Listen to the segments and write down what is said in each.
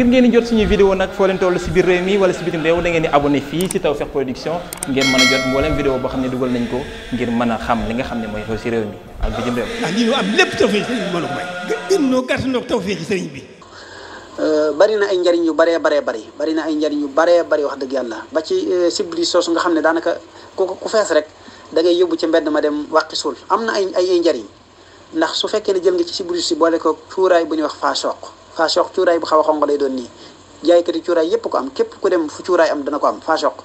ngir ngeen di jot suñu vidéo nag foo leen toll si biir réew mi wala si bitim réew da ngeen di abonné fii si Tawfekh Production ngeen mën a jot mboolem vidéo boo xam ne dugal nañ ko ngir mën a xam li nga xam ne mooy xew si réew mi ak bitim réew. Ah, bi mën euh, bari na ay njariñ yu baree baree bari bari na ay njariñ yu baree bari wax dëgg yàlla ba ci euh, soo su nga xam ne daanaka ku ku fees rek da ngay yóbbu ci mbedd ma dem wàqi suul am na ay ay njariñ ndax su fekkee ne jël nga ci sibli si boole ko cuuraay bu ñuy wax faa soq fasoq cuuraay bu xaw a xonq lay doon nii jaaykati cuuraay yépp ko am képp ku dem fu cuuraay am dana ko am fasoq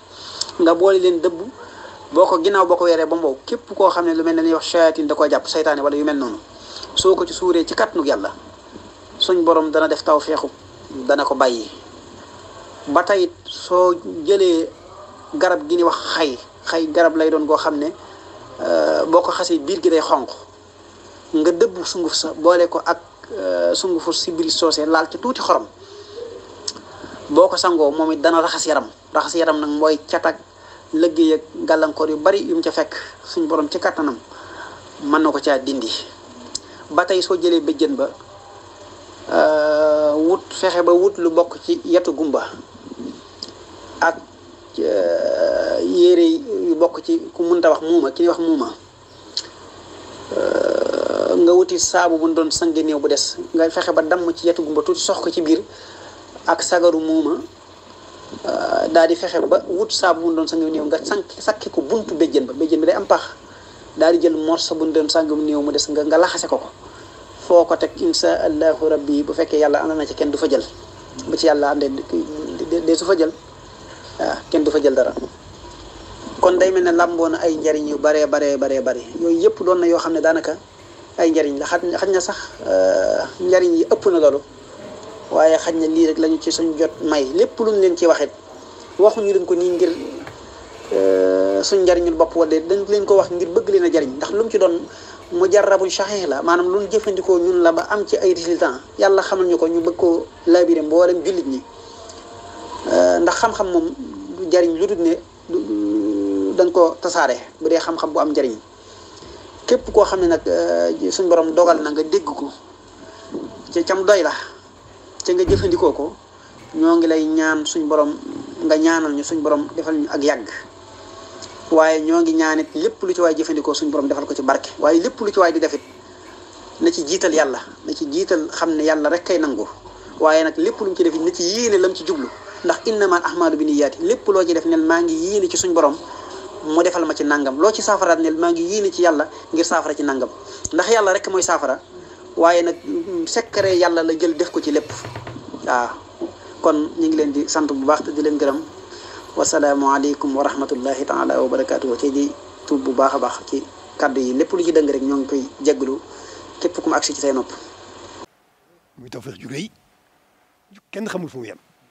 nga boole leen dëbb boo ko ginnaaw boo ko weeree ba mbow képp koo xam ne lu mel na ñuy wax shayatin da koo jàpp saytaane wala yu mel noonu soo ko ci suuree ci kàttanu yàlla suñ borom dana def taw ko bàyyi ba tayit soo jëlee garab gi ni wax xay xay garab lay doon goo xam ne euh, boo ko xasee biir gi day xonq nga dëbb sunguf sa boole ko ak Euh, sungufu sibil soosé laal ci tuuti xorom boo ko sangoo moom it dana raxas yaram raxas yaram nag mooy catak liggéey gàllankoor yu bari yum ca fekk suñ borom ci kattanam mën na ko caa dindi ba tey soo jëlee béjjën ba euh, wut fexe ba wut lu bokk ci yetu gumba ak euh, yére yu bokk ci ku mun munta wax muuma ki wax muuma nga wuti saabu bu doon sange néew bu des nga fexe ba damm ci yetu gumba tuuti sox ko ci biir ak sagaru muuma euh, daal di fexe ba wut saabu bu doon sange néew nga sank sakki ko buntu béjjén ba béjjén bi day am pax daal di jël morso bu doon sange néew mu des nga nga laxase ko ko foo ko teg insha allahu rabbi bu fekkee yàlla ànd na ci kenn du fa jël bu ci yàlla àndee de su fa jël waaw kenn du fa jël dara kon nday mel ne làmboo na ay njariñ yu baree baree baree bare yooyu yëpp doon na yoo xam ne daanaka ay njariñ la xaj na sax euh, njariñ yi ëpp na loolu waaye xaj na lii rek lañu ci suñ jot may lépp luñ leen ci waxit waxuñu leen ko nii ngir euh, suñ njariñul bopp wala dañ leen ko wax ngir bëgg leen a jariñ ndax lu mu ci doon mujarrabun saxiix la maanaam lu jëfandikoo ñun la ba am ci ay résultats yàlla xamal ñu ko ñu bëgg ko labiré mboolem jullit ñi euh, ndax xam-xam moom du jariñ lu dul ne dañ ko tasaare bu dee xam-xam bu am njariñ képp koo xam ne nag eh, suñ borom dogal na nga dégg ko ca cam doy la ca nga jëfandikoo ko ñoo ngi lay ñaan suñ borom nga ñaanal ñu suñ borom defal ñu ak yàgg waaye ñoo ngi ñaanit lépp lu ci waay jëfandikoo suñ borom defal ko ci barke waaye lépp lu ci waay di defit na ci jiital yàlla na ci jiital xam ne yàlla rek kay nangu waaye nag lépp lu ci defit na ci yéene lam ci jublu ndax innamal ahmaalu bi niyaati lépp loo ci def nel maa ngi yéene ci suñ borom mu defal ma ci nangam loo ci saafaraat ne maa ngi yéene ci yàlla ngir saafara ci nangam ndax yàlla rek mooy saafara waaye nag mm, secret yàlla la jël def ko ci lépp waaw kon ñu ngi leen di sant bu baax te di leen gërëm wasalaamualeykum wa rahmatullahi taala wa barakaatu te di tuub bu baax a baax ci kàddu yi lépp lu ci dëng rek ñoo ngi koy jégalu képp ku mu agsi ci say nopp. muy kenn xamul fu yem